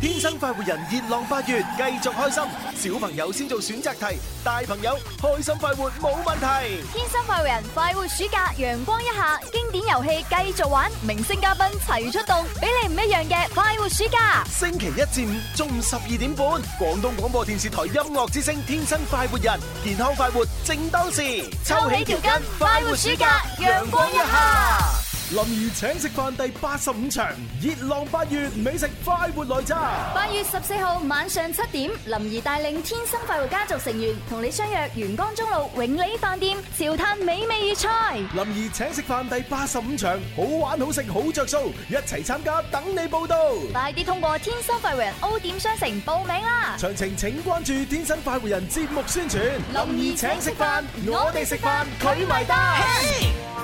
天生快活人，熱浪八月繼續開心。小朋友先做選擇題，大朋友開心快活冇問題。天生快活人，快活暑假，陽光一下，經典遊戲繼續玩，明星嘉賓齊出動，俾你唔一樣嘅快活暑假。星期一至五中午十二點半，廣東廣播電視台音樂之聲《天生快活人》，健康快活正當時，抽起條筋，快活暑假，陽光一下。林怡請食飯第八十五場，熱浪八月，美食快活來襲。八月十四號晚上七點，林怡帶領天生快活家族成員同你相約沿江中路永利飯店，潮嘆美味粵菜林。林怡請食飯第八十五場，好玩好食好着數，一齊參加等你報道。快啲通過天生快活人 O 點商城報名啦！詳情請關注天生快活人節目宣傳。林怡請食飯，我哋食飯，佢埋單。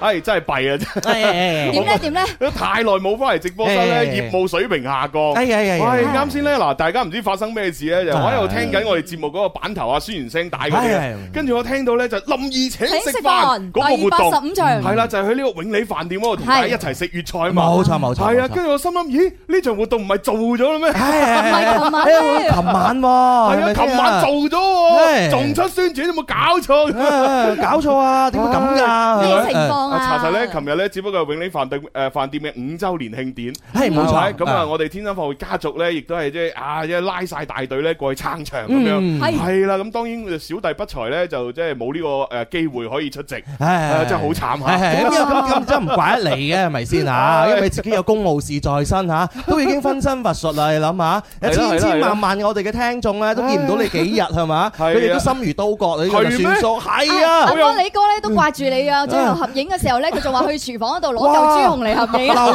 係真係弊啊！真係點咧？點、哎、咧？ 樣呢 太耐冇翻嚟直播室咧、哎，業務水平下降。哎啱先咧嗱，大家唔知發生咩事咧、哎，就、我喺度聽緊我哋節目嗰個版頭啊，宣、哎、傳聲帶嗰啲。跟住我聽到咧就臨意請，請食飯嗰、那個活動，十五場係啦，就係喺呢個永利飯店度同大家一齊食粵菜嘛。冇錯，冇錯。係啊，跟住我心諗，咦？呢場活動唔係做咗啦咩？係係係。係琴晚，琴、哎、晚喎。係啊，琴、哎、晚做咗，仲、哎、出宣傳有冇、哎、搞錯、啊哎，搞錯啊！點會咁㗎、啊？呢個情況。哎查實咧，琴日咧，只不過係永利飯店誒飯店嘅五週年慶典，係冇錯。咁啊，我哋天生發會家族咧，亦都係即係啊，即係拉曬大隊咧過去撐場咁樣，係啦。咁當然小弟不才咧，就即係冇呢個誒機會可以出席，真係好慘嚇。咁咁真唔怪得你嘅，係咪先嚇？因為自己有公務事在身嚇，都已經分身乏術啦。你諗嚇，千千萬萬我哋嘅聽眾咧，都見唔到你幾日係嘛？佢哋都心如刀割，你算數係啊？阿哥，你哥咧都掛住你啊，最後合影啊！時候咧，佢仲話去廚房嗰度攞嚿豬紅嚟合你、 啊。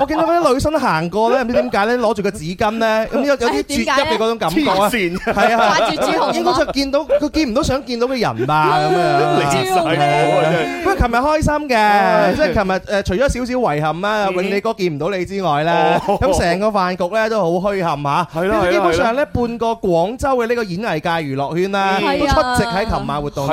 我見到嗰啲女生行過咧，唔知點解咧，攞住個紙巾咧，咁有啲啜泣嘅嗰種感覺啊。係啊，攬住豬紅應該就見到佢見唔到想見到嘅人吧咁啊。豬紅咧，喂，琴、啊、日開心嘅，即係琴日誒，除咗少少遺憾啊， 永利哥見唔到你之外咧，咁、哦、成個飯局咧都好虛憾嚇。係、啊、啦，基本上咧，半個廣州嘅呢個演藝界娛樂圈啦，都出席喺琴晚活動，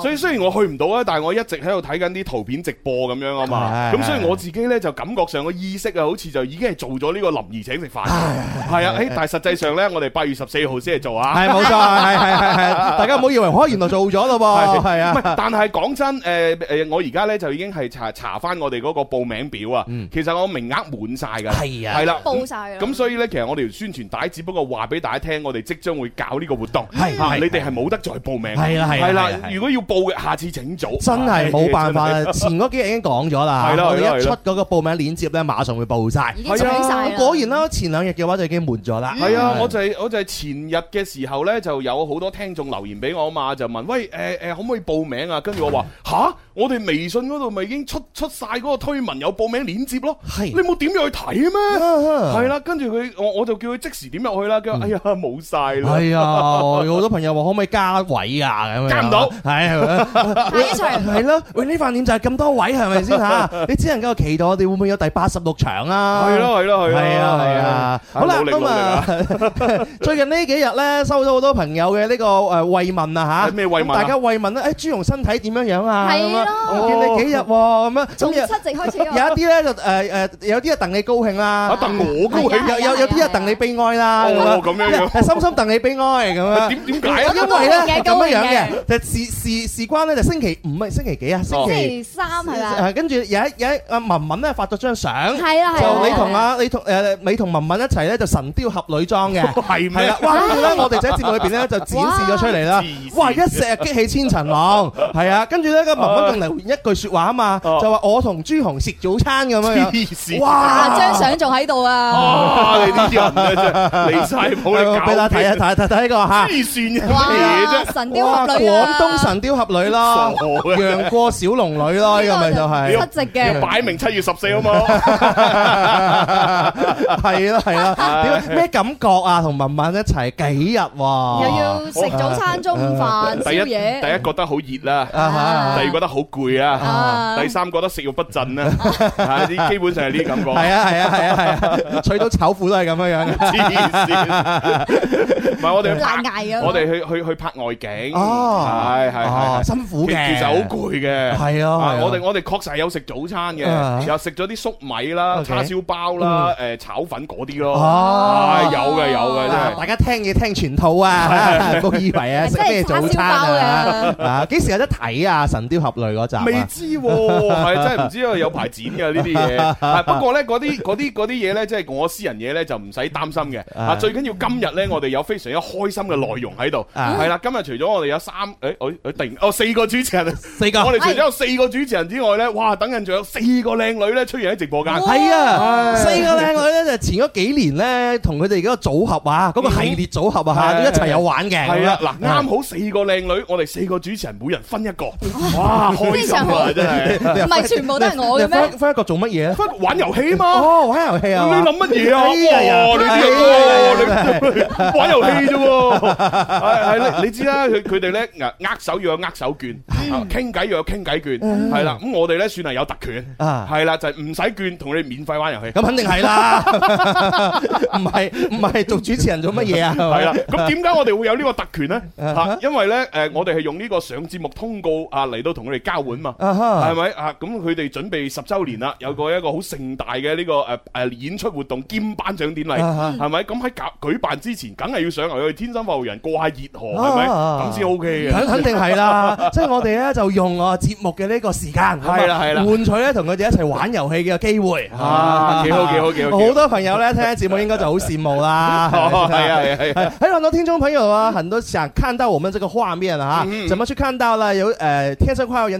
所以雖然我去唔到啊，但係我一直喺度睇緊啲圖。圖片直播咁樣啊嘛，咁所以我自己咧就感覺上個意識啊，好似就已經係做咗呢個林兒請食飯，係啊，誒，但係實際上咧，我哋八月十四號先係做啊，係冇錯，係係係係，大家唔好以為，哦，原來做咗咯噃，係啊，唔係，但係講真，誒誒，我而家咧就已經係查查翻我哋嗰個報名表啊，其實我名額滿晒噶，係啊，係啦，報晒啦，咁所以咧，其實我哋條宣傳帶只不過話俾大家聽，我哋即將會搞呢個活動，係，你哋係冇得再報名，係啊係啊，係啦，如果要報嘅，下次請早，真係冇辦法。前嗰幾日已經講咗啦，係啦，我哋一出嗰個報名鏈接咧，係啊馬上會報晒。已經搶晒果然啦，啊，前兩日嘅話就已經滿咗啦。係啊，我就係我就係前日嘅時候咧，就有好多聽眾留言俾我啊嘛，就問喂誒誒、欸欸，可唔可以報名啊？跟住我話吓？係啊」我哋微信嗰度咪已經出出曬嗰個推文有報名鏈接咯，你冇點入去睇咩？係啦，跟住佢我我就叫佢即時點入去啦。跟住哎呀冇晒啦！係啊，好多朋友話可唔可以加位啊？咁樣加唔到，係 呢場係啦。喂，呢飯店就係咁多位係咪先嚇？你只能夠期待我哋會唔會有第八十六場啊？係咯，係咯，係啊，係啊。好啦咁啊，最近呢幾日咧收到好多朋友嘅呢個誒慰問，問啊吓？咩慰問？大家慰問啦，誒朱蓉身體點樣樣啊。唔見你幾日喎咁樣，咁由七夕開始有一啲咧就誒誒，有啲係戥你高興啦，啊戥我高興，有有有啲係戥你悲哀啦咁樣，咁樣樣，深深戥你悲哀咁樣，點點解啊？咁因為咧咁樣嘅，就事事事關咧就星期五啊，星期幾啊？星期三係咪？誒，跟住有有阿文文咧發咗張相，係啦係，就你同阿你同誒你同文文一齊咧就神鵰俠女裝嘅，係咩？哇！跟住咧我哋就喺節目裏邊咧就展示咗出嚟啦，哇！一石激起千層浪，係啊！跟住咧個文文。一句說話啊嘛，就話我同朱紅食早餐咁樣。哇！張相仲喺度啊！你啲人，你太冇你搞。俾大家睇啊睇睇睇呢個嚇。哇！神鵰俠侶啊！哇！廣東神鵰俠侶咯，楊過、小龍女咯，咁咪就係。七夕嘅，擺明七月十四好冇。係咯係咯。點咩感覺啊？同文文一齊幾日喎？又要食早餐、中午飯、宵夜。第一覺得好熱啦，第二覺得好。好攰啊，啊！第三個覺得食慾不振啊，啊，啊。基本上係呢啲感覺。係啊係啊係啊係啊！娶到醜婦、啊啊啊啊、 都係咁樣樣嘅，黐線！唔係我哋，我哋去去去拍外景哦，係、啊、係，辛苦嘅，其實好攰嘅。啊，啊我哋我哋確實係有食早餐嘅、啊，又食咗啲粟米啦、okay, 叉燒包啦、嗯、炒粉嗰啲咯。有嘅有嘅、啊，大家聽嘅聽全套啊，唔好、啊、以為啊食咩、啊、早餐啊，啊幾、啊、時候有得睇啊《神雕俠侶》？未知喎，係真係唔知，因為有排剪㗎呢啲嘢。不過咧，嗰啲嗰啲嗰啲嘢咧，即係我私人嘢咧，就唔使擔心嘅。啊，最緊要今日咧，我哋有非常之開心嘅內容喺度。係啦，今日除咗我哋有三，誒，我我定哦四個主持人，四個。我哋除咗有四個主持人之外咧，哇，等陣仲有四個靚女咧出現喺直播間。係啊，四個靚女咧就前嗰幾年咧，同佢哋嗰個組合啊，嗰個系列組合啊吓都一齊有玩嘅。係啊，嗱，啱好四個靚女，我哋四個主持人每人分一個，哇！呢、啊、真係唔係全部都係我嘅咩？返一個做乜嘢啊？玩遊戲啊嘛！哦，玩遊戲啊！你諗乜嘢啊、哎啊哎你哎？玩遊戲啫喎、啊！係、哎、係你知啦、啊，佢佢哋咧，啊握手要有握手券，傾偈又有傾偈券，係、啊、啦。咁我哋咧算係有特權啊！係啦，就係唔使券，同你免費玩遊戲。咁、啊、肯定係啦，唔係唔係做主持人做乜嘢啊？係啦。咁點解我哋會有呢個特權咧？嚇、啊啊，因為咧誒，我哋係用呢個上節目通告啊，嚟到同佢哋交換嘛，係、uh、咪 -huh. 啊？咁佢哋準備十週年啦，有個一個好盛大嘅呢、這個、啊、演出活動兼頒獎典禮，係、uh、咪 -huh.？咁、啊、喺舉辦之前，梗係要上嚟去《去天生化學人》過下熱河，係、uh、咪 -huh.？咁先 OK 嘅。肯定係啦，即 係我哋咧就用我節目嘅呢個時間，係啦係啦，換取咧同佢哋一齊玩遊戲嘅機會。啊，幾好幾好幾好！多好，多，好 多朋友咧聽下節目應該就好羨慕啦。係啊係啊，喺很多聽眾朋友啊，很多想看到我們這個畫面啦啊，怎麼去看到了有、呃、天生化學人》。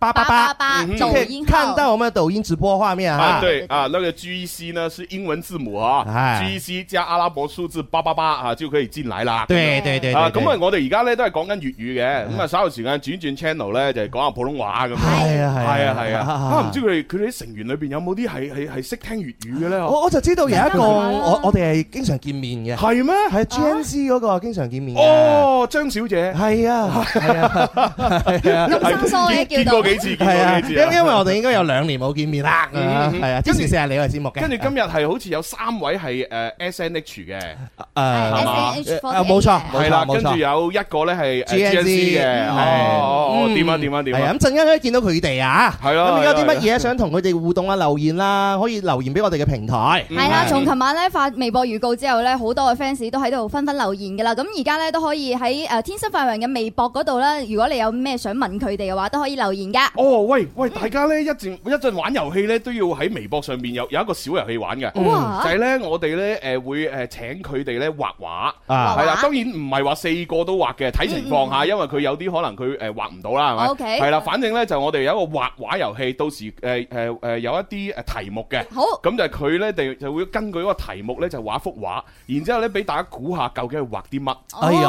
八八八八，就可以看到我們的抖音直播畫面啊，啊！對啊，那個 G E C 呢是英文字母啊，啊，G E C 加阿拉伯數字八八八啊，就可以進嚟啦。對對對啊！咁啊，我哋而家咧都係講緊粵語嘅，咁啊稍後時間轉轉 channel 咧就係講下普通話咁。係啊係啊係啊！啊唔、啊啊啊、知佢哋佢哋啲成員裏邊有冇啲係係係識聽粵語嘅咧？我我就知道有一個我我哋係經常見面嘅。係咩？係 G N C 嗰個經常見面。啊、哦，張小姐係啊係啊係啊，林係啊，啊，因因為我哋應該有兩年冇見面啦，係、 嗯、啊，跟住成日嚟嘅節目嘅，跟住今日係好似有三位係誒、啊、S N H 嘅，誒冇錯，係啦，跟住有一個咧係 G N C 嘅，哦哦哦，點啊點啊點啊，咁陣間可以見到佢哋、嗯、啊，係、嗯、咯，咁有啲乜嘢想同佢哋互動啊，留言啦、啊，可以留言俾我哋嘅平台。係、嗯、啦、啊，從琴晚咧發微博預告之後咧，好多嘅 fans 都喺度紛紛留言噶啦，咁而家咧都可以喺誒天生快運嘅微博嗰度咧，如果你有咩想問佢哋嘅話，都可以留言。哦，喂喂，大家咧一陣一陣玩遊戲咧，都要喺微博上邊有有一個小遊戲玩嘅、嗯，就係、是、咧我哋咧誒會誒請佢哋咧畫畫，係、啊、啦，當然唔係話四個都畫嘅，睇情況吓、嗯，因為佢有啲可能佢誒畫唔到啦，係、哦、咪，係、okay, 啦，反正咧就我哋有一個畫畫遊戲，到時誒誒誒有一啲誒題目嘅，好，咁就佢咧就就會根據嗰個題目咧就畫一幅畫，然之後咧俾大家估下究竟係畫啲乜？哎呀，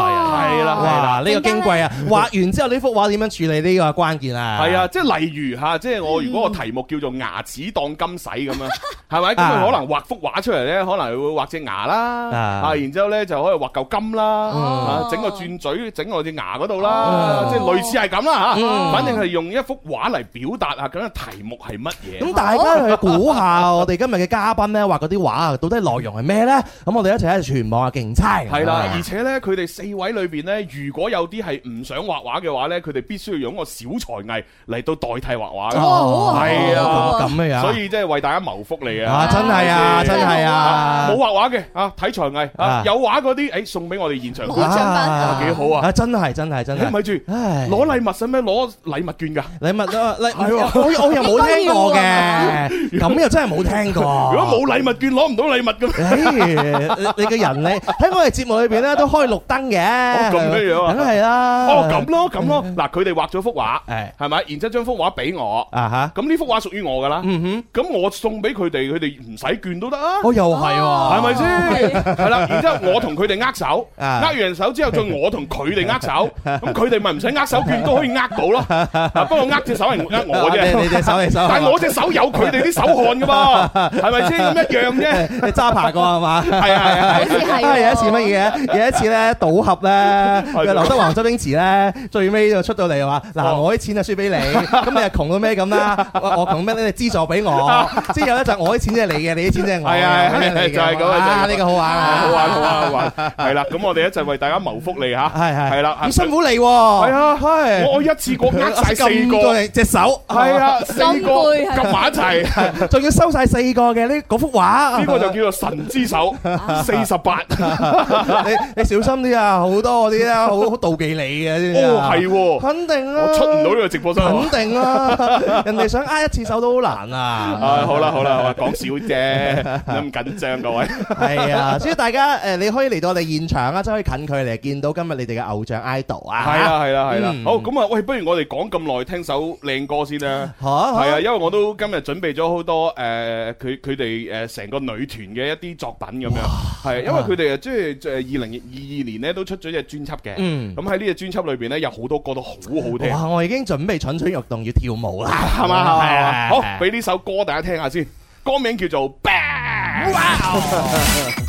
係啦，嗱、哦，呢、呢個矜貴啊，畫完之後呢幅畫點樣處理，呢個關鍵啊，係啊。啊、即係例如吓、啊，即係我如果個題目叫做牙齒當金使咁樣係咪？咁、嗯、佢可能畫幅畫出嚟咧，可能會畫隻牙啦，啊，啊然之後咧就可以畫嚿金啦，啊啊、整個轉嘴，整個隻牙嗰度啦，啊啊啊、即係類似係咁啦吓。反正係用一幅畫嚟表達啊，咁嘅題目係乜嘢？咁大家去估下我，我哋今日嘅嘉賓咧畫嗰啲畫到底內容係咩咧？咁我哋一齊喺度全網啊競猜。係啦，而且咧，佢哋四位裏邊咧，如果有啲係唔想畫畫嘅話咧，佢哋必須要用個小才藝。嚟到代替畫畫㗎，係啊，咁嘅樣，所以即係為大家謀福利啊！啊，真係啊，真係啊，冇畫畫嘅啊，睇才藝啊，有畫嗰啲，誒，送俾我哋現場觀眾啊，幾好啊！啊，真係真係真係，誒，咪住，攞禮物使咩攞禮物券㗎？禮物啊，禮唔係喎，我我又冇聽過嘅，咁又真係冇聽過。如果冇禮物券攞唔到禮物㗎咩？你你嘅人咧喺我哋節目裏邊咧都開綠燈嘅，咁嘅樣啊，梗係啦。哦，咁咯，咁咯，嗱，佢哋畫咗幅畫，係係咪？即係將幅畫俾我啊吓，咁呢幅畫屬於我噶啦。嗯哼，咁我送俾佢哋，佢哋唔使券都得啊。哦，又係喎，係咪先？係啦，然之後我同佢哋握手，握完手之後再我同佢哋握手，咁佢哋咪唔使握手券都可以握到咯。不過握隻手係握我嘅啫，你隻手係手。但係我隻手有佢哋啲手汗噶噃，係咪先？咁一樣啫，你揸牌過係嘛？係啊係啊，好似係。有一次乜嘢？有一次咧賭俠咧，劉德華周星馳咧最尾就出到嚟話：嗱，我啲錢啊輸俾你。咁你係窮到咩咁啦？我我窮咩咧？你資助俾我，即係有一陣我啲錢即係你嘅，你啲錢即係我嘅。係啊係，就係咁啊！呢個好玩，好玩，好玩，好玩。係啦，咁我哋一陣為大家謀福利嚇。係係係啦。咁辛苦你喎。係啊，係。我我一次過握曬四個隻手。係啊，四個夾埋一齊，仲要收曬四個嘅呢幅畫。呢個就叫做神之手，四十八。你你小心啲啊！好多嗰啲咧，好好妒忌你嘅呢啲啊。哦，係喎。肯定啦。我出唔到呢個直播室。肯定啦、啊， 人哋想挨一次手都好難啊！啊，好啦好啦，我講笑啫，咁緊張各位。係啊，所以大家誒，你可以嚟到我哋現場啊，即係可以近距離見到今日你哋嘅偶像 idol 啊！係啦係啦係啦，好咁啊，係啊、嗯哦，喂，不如我哋講咁耐，聽首靚歌先啦。係啊，啊，啊，因為我都今日準備咗好多誒，佢佢哋誒成個女團嘅一啲作品咁樣，係、啊、因為佢哋啊，即係誒二零二二年咧都出咗隻專輯嘅，嗯，咁喺呢隻專輯裏邊咧有好多歌都好好聽，哇！我已經準備蠢。出運動要跳舞啦，係、啊、嘛？好，俾呢、啊啊、首歌大家聽下先，歌名叫做 Bang。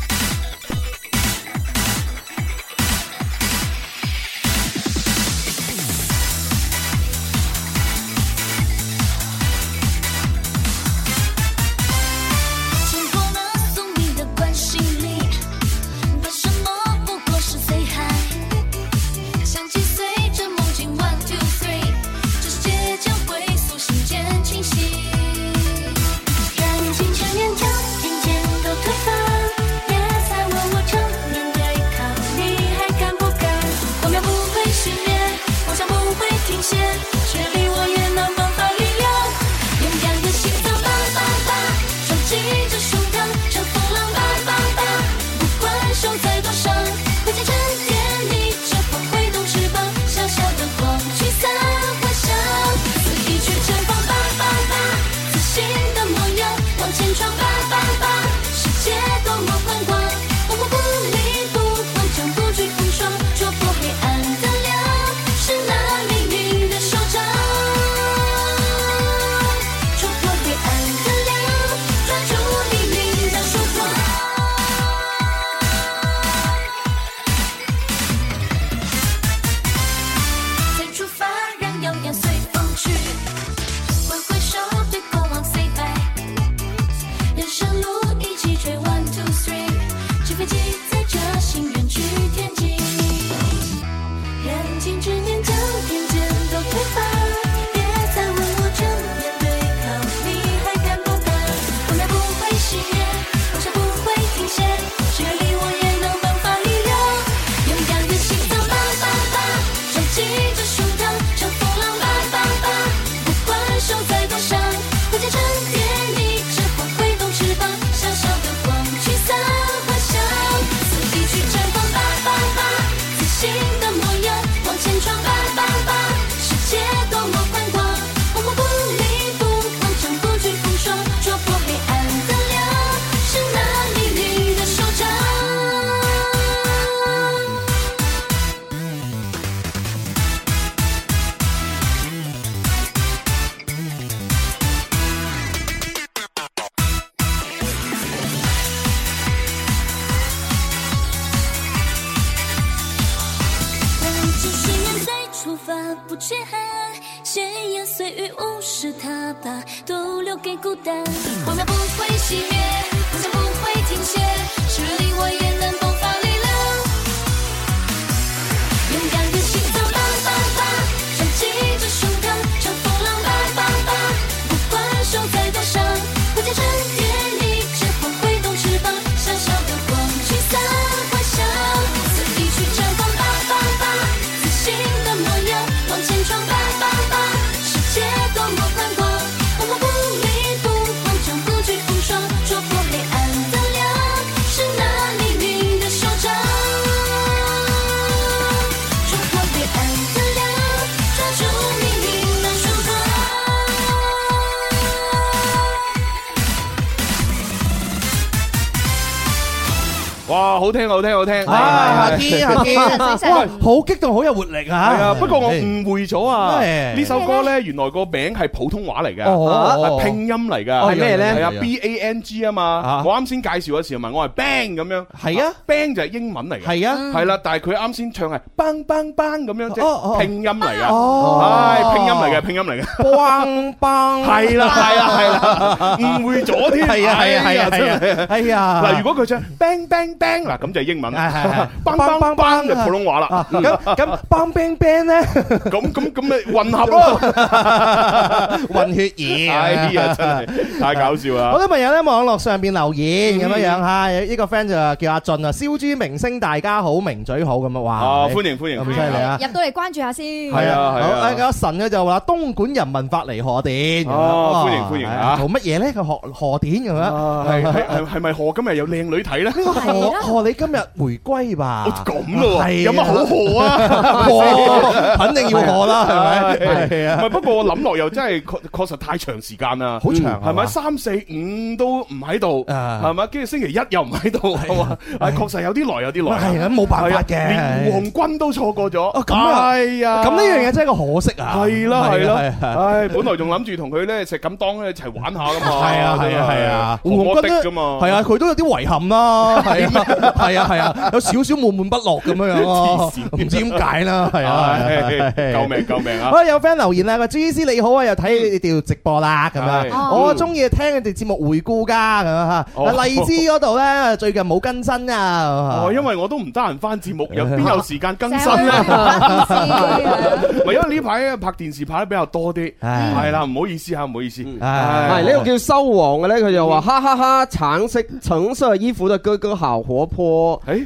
好聽，好聽，好聽。好 激動，好有活力啊！係啊，不過我誤會咗啊，呢、啊啊啊、首歌咧原來個名係普通話嚟嘅，哦，拼音嚟噶，係咩咧？係、哦、啊，B A N G 啊嘛，我啱先介紹嗰時候問我係 bang 咁樣，係啊，bang 就係英文嚟嘅，係啊，係啦，但係佢啱先唱係 bang bang bang 咁樣即係，拼音嚟噶，係拼音嚟嘅，拼音嚟嘅，bang bang，係啦係啦係啦，誤會咗添，係啊係啊係啊，係啊，嗱、 啊啊啊啊啊啊啊，如果佢唱 bang bang bang 嗱、啊、咁就係英文，啊 b a n 就普通話啦，咁咁 b a n 咧，咁咁咁咪混合咯， 混血兒呀， 真係太搞笑啦！好多朋友喺網絡上邊留言咁樣樣，係、嗯、呢個 friend 就叫阿俊啊，燒豬明星大家好，名嘴好咁啊，哇、啊！歡迎歡迎咁犀利啊！入到嚟關注下先，係啊係啊！阿、啊啊啊、神嘅就話東莞人民發嚟賀電，歡迎歡迎啊！做乜嘢咧？賀賀電咁樣，係係咪賀今日有靚女睇咧？呢個賀你今日回歸吧。 咁咯喎，有乜好賀啊？賀， 肯定要賀啦，係咪？係啊。唔係，不過我諗落又真係確確實太長時間啦，好長，係咪？三四五都唔喺度，係咪？跟住星期一又唔喺度，係嘛？係確實有啲耐，有啲耐。係啊，冇辦法嘅。連王軍都錯過咗，係啊！咁呢樣嘢真係個可惜係啊！係咯係咯，唉，本來仲諗住同佢咧食咁當一齊玩下噶嘛。係啊係啊係啊，王軍嘛，係啊，佢都有啲遺憾啦，係啊係啊，有少少悶。不落咁樣樣，唔、哦、知點解啦，係啊，啊，啊！救命救命啊！喂、哦，有 friend 留言啦，喂，朱醫師你好啊，又睇你哋直播啦，咁樣，我中意聽佢哋節目回顧家。咁啊吓。荔枝嗰度咧最近冇更新啊、哦哦，哦，因為我都唔得閒翻節目，又、嗯、邊有時間更新呢啊？係 啊，因為呢排拍電視拍得比較多啲，係啦，唔好意思吓，唔好意思，係，係，呢個叫收王嘅咧，佢就話，哈哈哈，橙色橙色衣服嘅哥哥，效火破，誒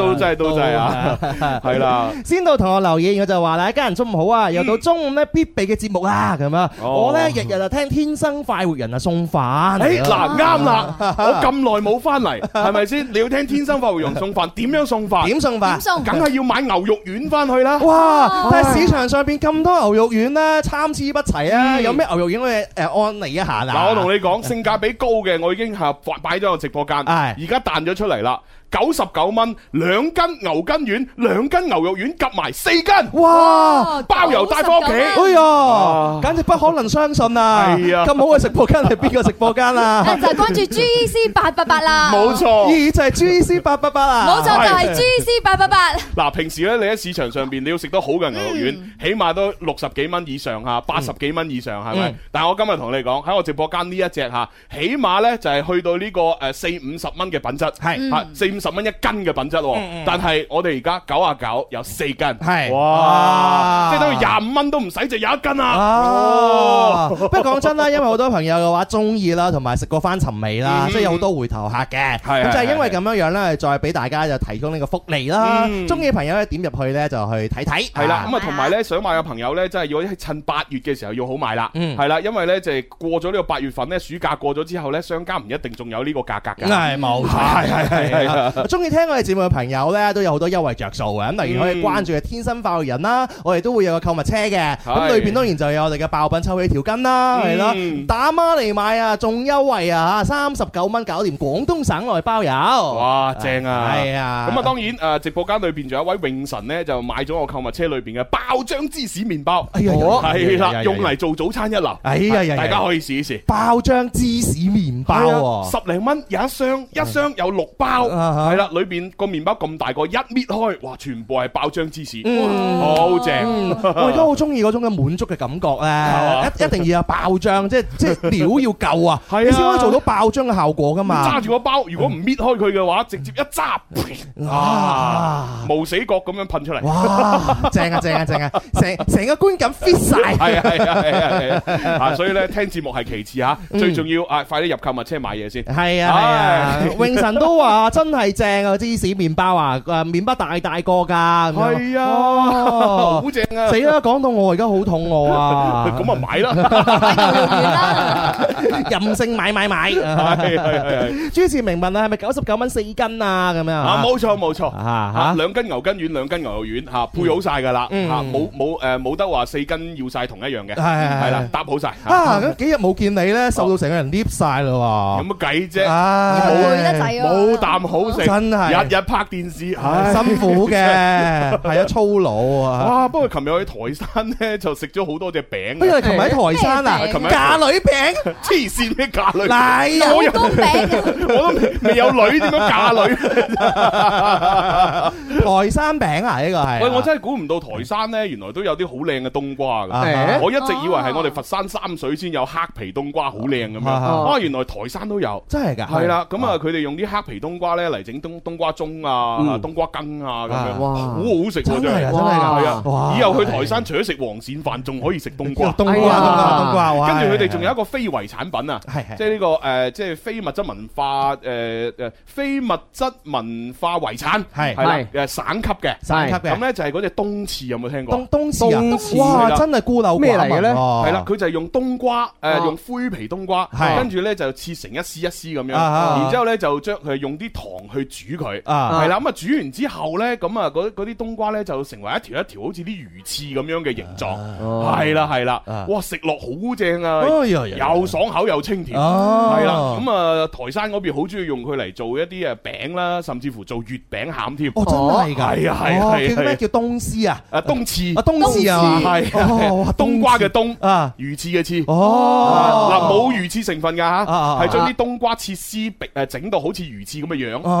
都真都真啊，係啦。先到同我留言，我就話啦：一家人中午好啊，又到中午咧，必備嘅節目啦咁啊。我咧日日就聽天生快活人啊送飯。咦、欸，嗱、啊，啱啦、啊，我咁耐冇翻嚟，係咪先？你要聽天生快活人送飯，點 樣送飯？點送飯？梗係要買牛肉丸翻去啦。哇！啊、但係市場上面咁多牛肉丸咧，參差不齊啊。嗯、有咩牛肉丸可以誒安利一下嗱、嗯啊？我同你講，性價比高嘅，我已經係擺咗個直播間，而、哎、家彈咗出嚟啦。九十九蚊兩斤牛筋丸，兩斤牛肉丸夾埋四斤，哇！包郵帶翻屋企，哎呀，簡直不可能相信啊！係啊，咁好嘅直播間係邊個直播間啊？啊 就係關注 G C 八八八啦，冇錯，咦，就係 G C 八八八啊，冇錯就係、是、G C 八八八。嗱， 平時呢，你喺市場上邊你要食得好嘅牛肉丸，嗯、起碼都六十幾蚊以上吓，八十幾蚊以上係咪、嗯嗯？但係我今日同你講喺我直播間呢一隻吓，起碼呢就係去到呢個誒四五十蚊嘅品質係吓十蚊一斤嘅品質，但係我哋而家九啊九有四斤，係哇，啊、即係等於廿五蚊都唔使就有一斤啦、啊啊。不過講真啦， 因為好多朋友嘅話中意啦，同埋食過翻尋味啦，即係有好多回頭客嘅。咁就係因為咁樣樣咧，再俾大家就提供呢個福利啦。中意嘅朋友咧點入去咧就去睇睇，係啦。咁啊同埋咧想買嘅朋友咧，真係要趁八月嘅時候要好買啦。嗯，係啦，因為咧就係過咗呢個八月份咧，暑假過咗之後咧，商家唔一定仲有呢個價格㗎。係冇錯，係係中意聽我哋節目嘅朋友咧，都有好多優惠着數嘅。咁例如可以關注嘅天生化學人啦、嗯，我哋都會有個購物車嘅。咁裏邊當然就有我哋嘅爆品抽起條筋啦，係、嗯、咯，打孖嚟買啊，仲優惠啊，三十九蚊搞掂，廣東省內包郵。哇，正啊！係、哎、啊，咁啊當然誒，直播間裏邊仲有一位泳神呢，就買咗我購物車裏邊嘅爆漿芝士麵包。我係啦，用嚟做早餐一流。哎呀，大家可以試一試爆漿芝士麵包，哎、十零蚊有一箱，一箱有六包。哎係啦，裏邊個麵麵包咁大個，一搣開，哇，全部係爆漿芝士，好、嗯、正、哦！我亦都好中意嗰種嘅滿足嘅感覺咧，一一定要有爆漿， 即係即係料要夠啊,啊，你先可以做到爆漿嘅效果噶嘛。揸住個包，如果唔搣開佢嘅話，直接一揸，哇，無死角咁樣噴出嚟，哇，正啊正啊正啊！成成個觀感 fit 晒，係啊係啊係啊,啊,啊,啊,、嗯、啊,啊,啊，啊！所以咧，聽節目係其次吓，最重要啊，快啲入購物車買嘢先。係啊係啊，永神都話真係。正啊，芝士麵包啊，誒，麵包大大個噶，係啊，好正啊！死啦，講到我而家好肚餓啊！咁啊買啦，買牛肉丸啦，任性買買買，係系係。朱志明問啊，係咪九十九蚊四斤啊？咁樣啊？冇錯冇錯，吓吓兩斤牛筋丸，兩斤牛肉丸吓，配好晒噶啦吓，冇冇誒冇得話四斤要晒同一樣嘅，係係啦，搭好晒。咁幾日冇見你咧，瘦到成個人 lift 晒啦！有乜計啫？冇得滯喎，冇啖好。真係日日拍電視，哎、辛苦嘅，係 啊粗魯啊！哇、啊！不過琴日去台山咧，就食咗好多隻餅。因為琴日喺台山啊，啊，嫁女餅，黐線咩嫁女？我又都餅，我都未有女，點樣嫁女？台山餅啊，呢、呢個係喂，我真係估唔到台山咧，原來都有啲好靚嘅冬瓜㗎。我一直以為係我哋佛山三水先有黑皮冬瓜，好靚咁樣。啊，原來台山都有，真係㗎。係啦，咁啊，佢哋用啲黑皮冬瓜咧嚟。整冬冬瓜盅啊，冬瓜羹啊咁樣，嗯啊、哇，好好食喎，真係啊，真係啊，啊，以後去台山除咗食黃鱔飯，仲可以食冬瓜冬瓜冬瓜，哎呀、冬瓜、哎呀、冬瓜，跟住佢哋仲有一個非遺產品啊，係係係即係呢、呢個、呃、即係非物質文化、呃、非物質文化遺產，係係誒省級嘅，省級嘅。咁咧就係嗰隻冬刺有冇聽過？冬冬刺啊！冬刺係嘅，真係孤陋寡聞咩嚟嘅咧？係、啊、啦，佢就係用冬瓜、呃啊、用灰皮冬瓜，跟住咧就切成一絲一絲咁樣，啊啊、然之後咧就將佢用啲糖。去煮佢，係啦咁啊、嗯！煮完之後咧，咁啊嗰啲冬瓜咧就成為一條一條好似啲魚翅咁樣嘅形狀，係啦係啦，哇食落好正啊，又、哎、爽口又清甜，係啦咁啊，啊、嗯！台山嗰邊好中意用佢嚟做一啲誒餅啦，甚至乎做月餅餡添。哦，真係噶，係啊係啊，叫咩叫冬絲啊？啊冬翅？冬翅啊，係，啊啊、冬瓜的冬瓜嘅冬啊，魚翅嘅翅。哦，嗱、啊、冇、啊啊、魚翅成分噶吓，係將啲冬瓜切絲，誒整到好似魚翅咁嘅樣。啊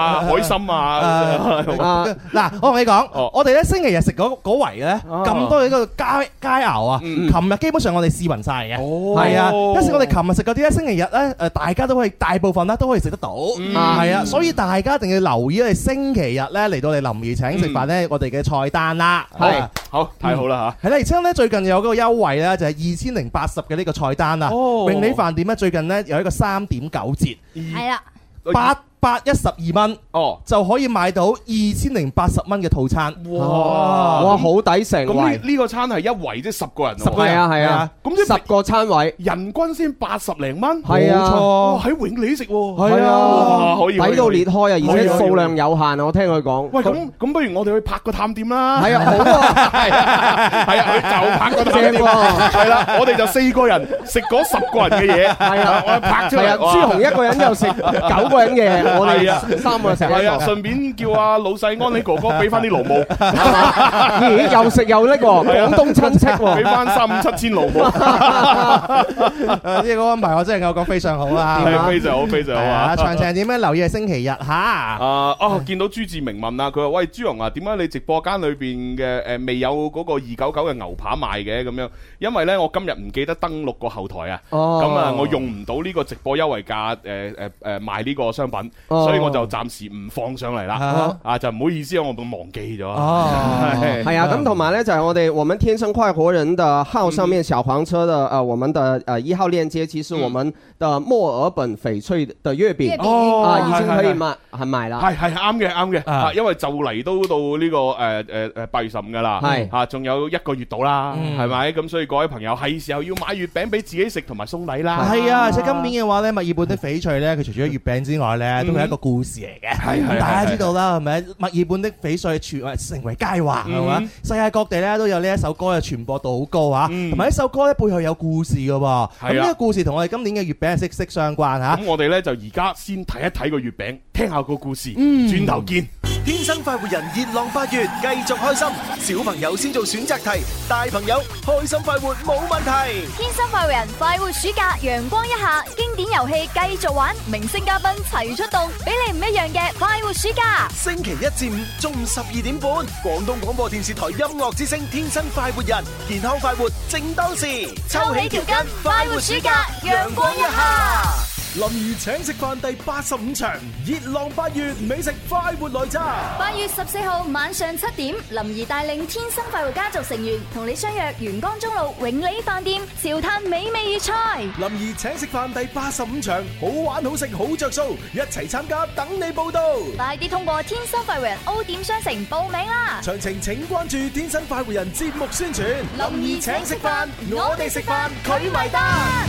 海參啊！嗱、啊啊啊啊啊 啊，我同你講、哦，我哋咧星期日食嗰嗰圍咧咁多嘅嗰個雞雞牛啊，琴、嗯、日基本上我哋試匀晒嘅，係、哦、啊，因此我哋琴日食嗰啲咧星期日咧，誒，大家都可以大部分咧都可以食得到，係、嗯、啊，所以大家一定要留意，因為星期日咧嚟到你哋林姨請食飯咧，我哋嘅菜單啦，係、啊、好、嗯、太好啦吓，係啦、啊，而且咧最近有嗰個優惠咧，就係二千零八十嘅呢個菜單啦、哦，明理飯店咧最近咧有一個三點九折，係、嗯、啦，八。八百一十二蚊，哦，就可以買到二千零八十蚊嘅套餐。哇，哇，好抵食。咁呢呢個餐係一圍啫，十個人。係啊，係啊。咁即十個餐位，人均先八十零蚊。係啊，喺永利食喎。係啊，可以。抵到裂開啊，而且數量有限啊，我聽佢講。喂，咁咁不如我哋去拍個探店啦。係啊，好啊，係啊，就拍個探店。係啦，我哋就四個人食嗰十個人嘅嘢。係啊，我拍出嚟。朱紅一個人又食九個人嘅。我哋啊，三個食啊，順便叫阿老細安仔哥哥俾翻啲勞務，咦，又食又叻喎，廣東親戚喎，俾翻三五七千勞務，呢個安排我真係夠講非常好啦，係非常好，非常好啊！長城點樣？留意星期日嚇，啊哦，見到朱志明問啦，佢話喂朱融啊，點解你直播間裏邊嘅誒未有嗰個二九九嘅牛扒賣嘅咁樣？因為咧我今日唔記得登錄個後台啊，咁啊我用唔到呢個直播優惠價誒誒誒賣呢個商品。所以我就暫時唔放上嚟啦，啊，啊就唔好意思啊，我會忘記咗。係係啊，咁同埋咧就係我哋我，我們天生快活人嘅號上面小黃車嘅誒、嗯啊、我們的誒一號鏈接，其實我們的墨爾本翡翠的月餅、嗯哦、啊、嗯、已經可以買，可、嗯、以買啦。係係啱嘅啱嘅，啊因為就嚟都到呢個誒誒誒八月十五噶啦，係啊仲有一個月到啦，係咪咁？所以各位朋友係時候要買月餅俾自己食同埋送禮啦。係、嗯、啊，而且今年嘅話咧，墨爾本的翡翠咧，佢除咗月餅之外咧。嗯嗯咁、嗯、係一個故事嚟嘅，嗯、大家知道啦，係咪？墨爾本的翡翠泉成為佳話，係嘛、嗯？世界各地咧都有呢一首歌嘅傳播度好高啊，同埋呢首歌咧背後有故事嘅喎。咁呢、嗯、個故事同我哋今年嘅月餅係息息相關嚇。咁、啊、我哋咧就而家先睇一睇個月餅，聽下個故事，轉頭、嗯、見。嗯天生快活人，熱浪八月繼續開心。小朋友先做選擇題，大朋友開心快活冇問題廣廣。天生快活人快活，快活暑假，陽光一下，經典遊戲繼續玩，明星嘉賓齊出動，俾你唔一樣嘅快活暑假。星期一至五中午十二點半，廣東廣播電視台音樂之聲，天生快活人，健康快活正當時。抽起條筋，快活暑假，陽光一下。林怡請食飯第八十五場，熱浪八月，美食快活來襲。八月十四號晚上七點，林怡帶領天生快活家族成員同你相約沿江中路永利飯店，笑嘆美味粵菜。林怡請食飯第八十五場，好玩好食好着數，一齊參加，等你報道。快啲通過天生快活人 O 點商城報名啦！詳情請關注天生快活人節目宣傳。林怡請食飯，我哋食飯，佢埋單。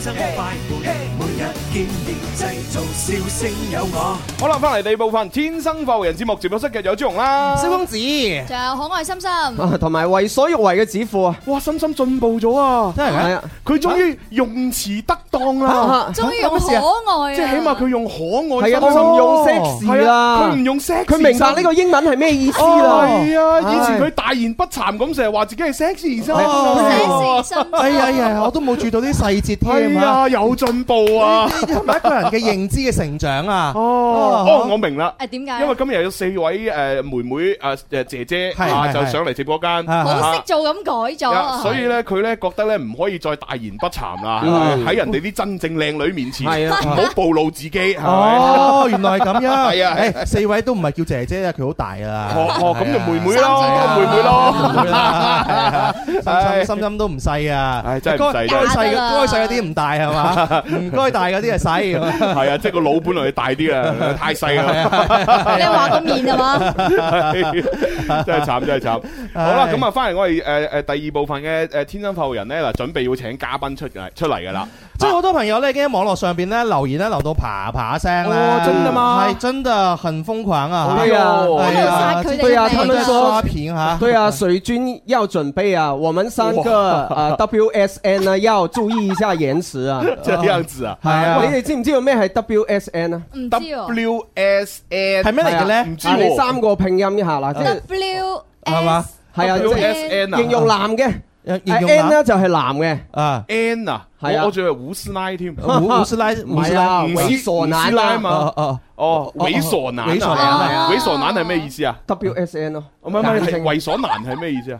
日、hey, hey, 好啦，翻嚟第二部分《天生話務人之目》節目直播室嘅有朱紅啦，蕭、嗯、公子，仲有可愛心心，同、啊、埋為所欲為嘅子富啊！哇，心心進步咗啊，真係佢終於用詞得當啦，終、啊、於、啊啊啊啊啊啊啊、用可愛、啊，即係起碼佢用可愛心，係啊，用 sex 啦、啊，佢唔、啊、用 sex，佢明白呢個英文係咩意思啦，係 啊，啊，以前佢大言不慚咁成日話自己係 sex，係呀，我都冇注意到啲細節添。係啊，有進步啊，同埋一個人嘅認知嘅成長啊！哦，哦，我明啦。誒點解？因為今日有四位誒妹妹誒姐姐啊，就上嚟直播間。好識做咁改造。所以咧，佢咧覺得咧唔可以再大言不慚啦，喺人哋啲真正靚女面前，唔好暴露自己。哦，原來係咁樣。係啊，誒四位都唔係叫姐姐啊，佢好大啊。哦哦，咁就妹妹咯，妹妹咯。心心心心都唔細啊！誒，真係唔細。該細嘅，該細嗰啲唔大。 大係嘛，唔該大嗰啲係細，係 啊，即係個腦本來係大啲啊，太細啦！你話咁面係嘛，真係慘，真係慘。好啦，咁啊，翻嚟我哋誒誒第二部分嘅誒天生服務人咧嗱，準備要請嘉賓出嚟出嚟噶啦。 所以好多朋友咧，已經喺網絡上邊咧留言咧，留到爬爬聲哇，哦，真嘅嘛？係真的，很瘋狂啊！呢、okay、啊！係、哎、啊，對啊，真係刷屏啊！對啊，水軍要準備啊，我們三個啊，WSN 呢，啊、 要注意一下延遲啊。這樣子啊，係啊，對啊你哋知唔知道咩係 WSN 啊？唔知喎，哦。WSN 係咩嚟嘅咧？唔、啊、知喎，哦。你三個拼音一下啦，WSN 啊，形容男嘅。而 N 咧就係男嘅，啊, N 啊,、就是、啊 N 啊，我我做為胡斯奈添，胡斯奈，係啊，猥瑣男，猥瑣男嘛，哦、啊啊啊、哦，猥瑣男，猥瑣男係咩意思啊？W S N 咯，我唔係，係猥瑣男係咩意思啊？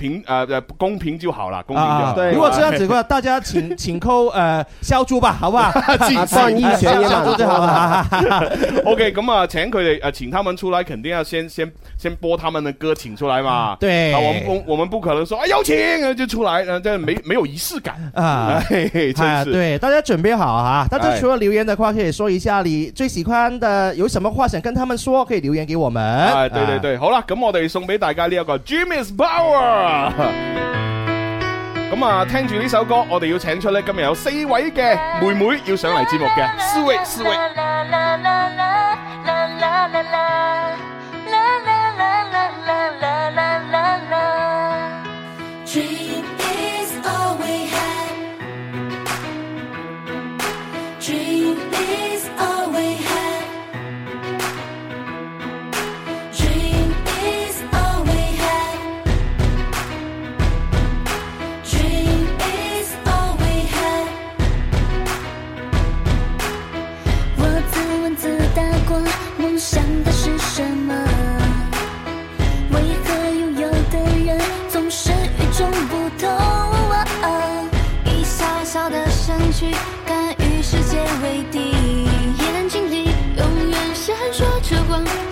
平呃呃公平就好了，公平就好，平就好、啊、對，如果這樣子的話，大家請 請扣呃小豬吧，好不好？算一下豬就好了。OK，咁啊，請佢啊，請他們出來，肯定要先先先播他們的歌，請出來嘛。對，我們不我們不可能說啊，有請就出來，然後但沒沒有儀式感啊。真是、啊、對大家準備好啊！大家除了留言的話，可以說一下你最喜歡的，有什麼話想跟他們說，可以留言給我們。哎、啊啊，對對對，好啦，咁我哋送俾大家呢一個 Jimmy's Power。嗯。咁啊，聽住呢首歌，我哋要請出呢，今日有四位嘅妹妹要上嚟節目嘅，四位，四位。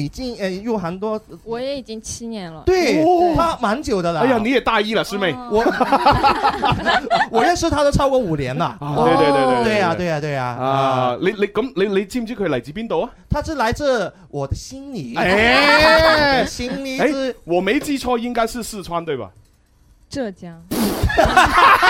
已經，誒入行多，我也已經七年了。對、哦、對他蠻久的了。哎呀，你也大一了，師妹，哦、我 我認識他都超過五年了。哦、對對對對呀對呀對呀啊！對啊對啊啊嗯、你你咁你你知唔知佢嚟自邊度啊？他是來自我的心裏，哎，心 裏、哎、我沒記錯，應該是四川對吧？浙江。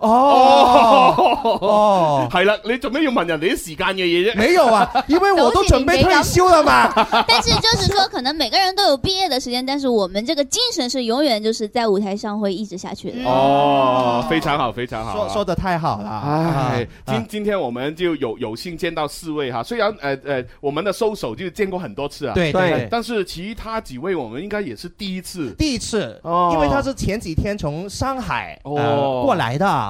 哦，哦，係、哦、啦、哦，你做咩要問人哋啲時間嘅嘢啫？沒有啊， 因為我都準備退休了嘛。但是就是說，可能每個人都有畢業的時間， 但是我們這個精神是永遠就是在舞台上會一直下去的。嗯、哦，非常好，非常好、啊，說說的太好了。哎、啊 okay，啊，今今天我們就有有幸見到四位哈，雖然呃呃我們的收手就見過很多次啊，對，對對，但是其他幾位我們應該也是第一次，第一次，哦，因為他是前幾天從上海哦、呃、過來的。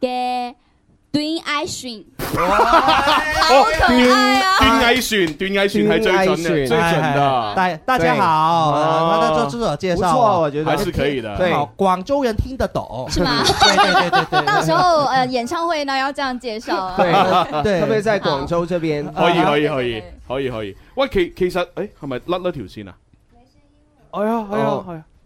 嘅段毅旋， 好可愛啊！段毅旋，段毅旋係最準嘅，最準啦！大大家好，啊、大家做自我介紹，不錯我覺得還是可以的。對廣州人聽得懂，是嗎？對對對 對，對對。 到時候，誒、 呃，演唱會呢要這樣介紹、啊 特別在廣州這邊、嗯，可以可以可以可以可以。喂，其其實，誒、欸，係咪甩咗條線啊？哎呀，哎呀，哎呀！哎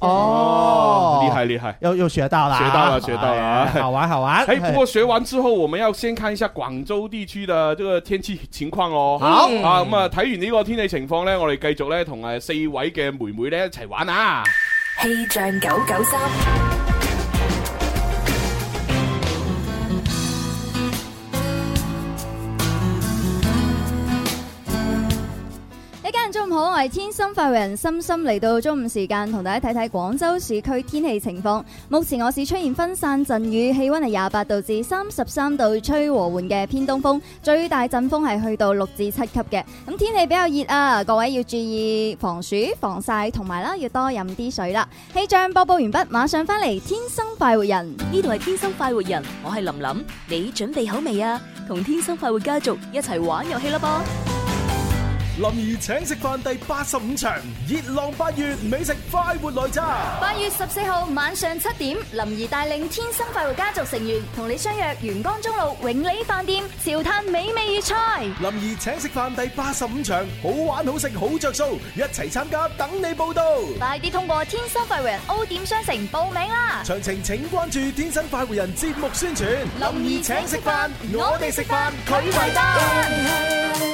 哦、嗯，厲害厲害，又又學到了，學到了，啊、學到了，學到了哎，好玩好玩，哎。不過學完之後，哎、我們要先看一下廣州地區的這個天氣情況咯。好啊，咁啊，睇完呢個天氣情況呢，我哋繼續咧同誒四位嘅妹妹咧一齊玩啊。氣象九九三。好，我係天生快活人深深嚟到中午時間，同大家睇睇廣州市區天氣情況。目前我市出現分散陣雨，氣溫係廿八度至三十三度，吹和緩嘅偏東風，最大陣風係去到六至七級嘅。咁天氣比較熱啊，各位要注意防暑、防曬，同埋啦要多飲啲水啦。氣象播報完畢，馬上翻嚟！天生快活人呢度係天生快活人，我係林琳，你準備好未啊？同天生快活家族一齊玩遊戲啦噃！林兒請食飯第八十五場，熱浪八月，美食快活來襲。八月十四號晚上七點，林兒帶領天生快活家族成員同你相約沿江中路永利飯店，潮嘆美味粵菜。林兒請食飯第八十五場，好玩好食好着數，一齊參加等你報道。快啲通過天生快活人 O 點商城報名啦！詳情請關注天生快活人節目宣傳。林兒請食飯，我哋食飯，佢買單。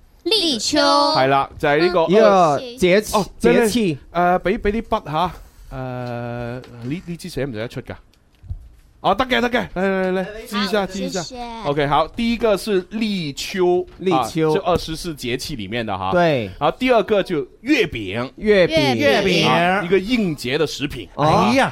立秋係啦，就係呢個節氣哦，節氣誒，俾俾啲筆吓，誒呢呢支寫唔寫得出噶？哦，哦呃啊呃誰不在 oh, 得嘅得嘅，來來來來，記一下記一下。O、okay, K，好，第一個是立秋，立秋是二十四節氣裏面的哈、啊。對。好，第二個就月餅，月餅月餅，月餅、啊、一個應節的食品。啊、哎呀！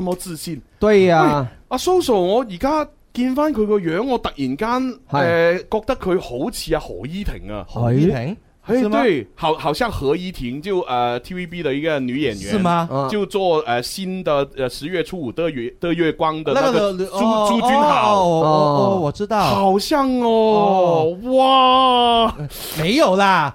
咁自信對啊！阿蘇蘇，啊、Soso，我而家見翻佢個樣，我突然間誒、呃、覺得佢好似阿何依婷啊！何依婷，係、欸欸、對好好像何依婷就，就、呃、誒 TVB 的一個女演員，是嗎？就做誒、呃啊、新的、呃、十月初五的月的月光的那個、那個哦、朱、哦、朱軍哦，哦，哦，哦，我知道，好像哦，哦哇、呃，沒有啦。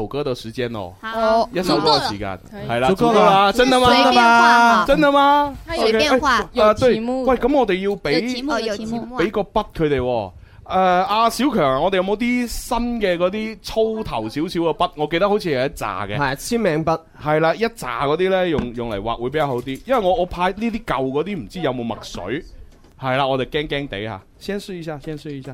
首歌嘅時間咯，哦、一首歌、嗯、時間係啦，足夠啦，真嘅嘛？真嘅嘛？隨便畫，有題目。喂，咁我哋要俾俾、哦、個筆佢哋。誒、呃，阿、啊、小強，我哋有冇啲新嘅嗰啲粗頭少少嘅筆？我記得好似有一紮嘅，係簽名筆，係啦，一紮嗰啲咧用用嚟畫會比較好啲，因為我我派呢啲舊嗰啲唔知有冇墨水，係啦，我哋驚驚地吓，先試一下，先試一下。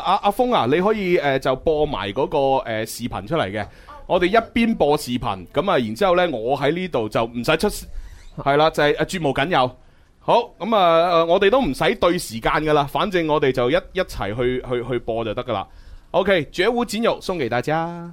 啊、阿阿峰啊，你可以誒、呃、就播埋嗰、那個誒、呃、視頻出嚟嘅，我哋一邊播視頻，咁、就是、啊，然之後呢我喺呢度就唔使出，係啦就係絕無僅有，好咁啊、嗯呃，我哋都唔使對時間噶啦，反正我哋就一一齊去去去播就得噶啦，OK，絕無僅有送給大家。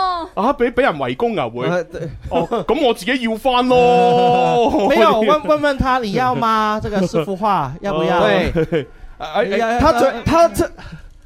啊！俾俾人圍攻啊會，啊哦咁 我自己要翻咯、啊。沒有問問問他你要嗎？這個師傅話要不要？啊對對啊、哎，哎，他最、啊哎、他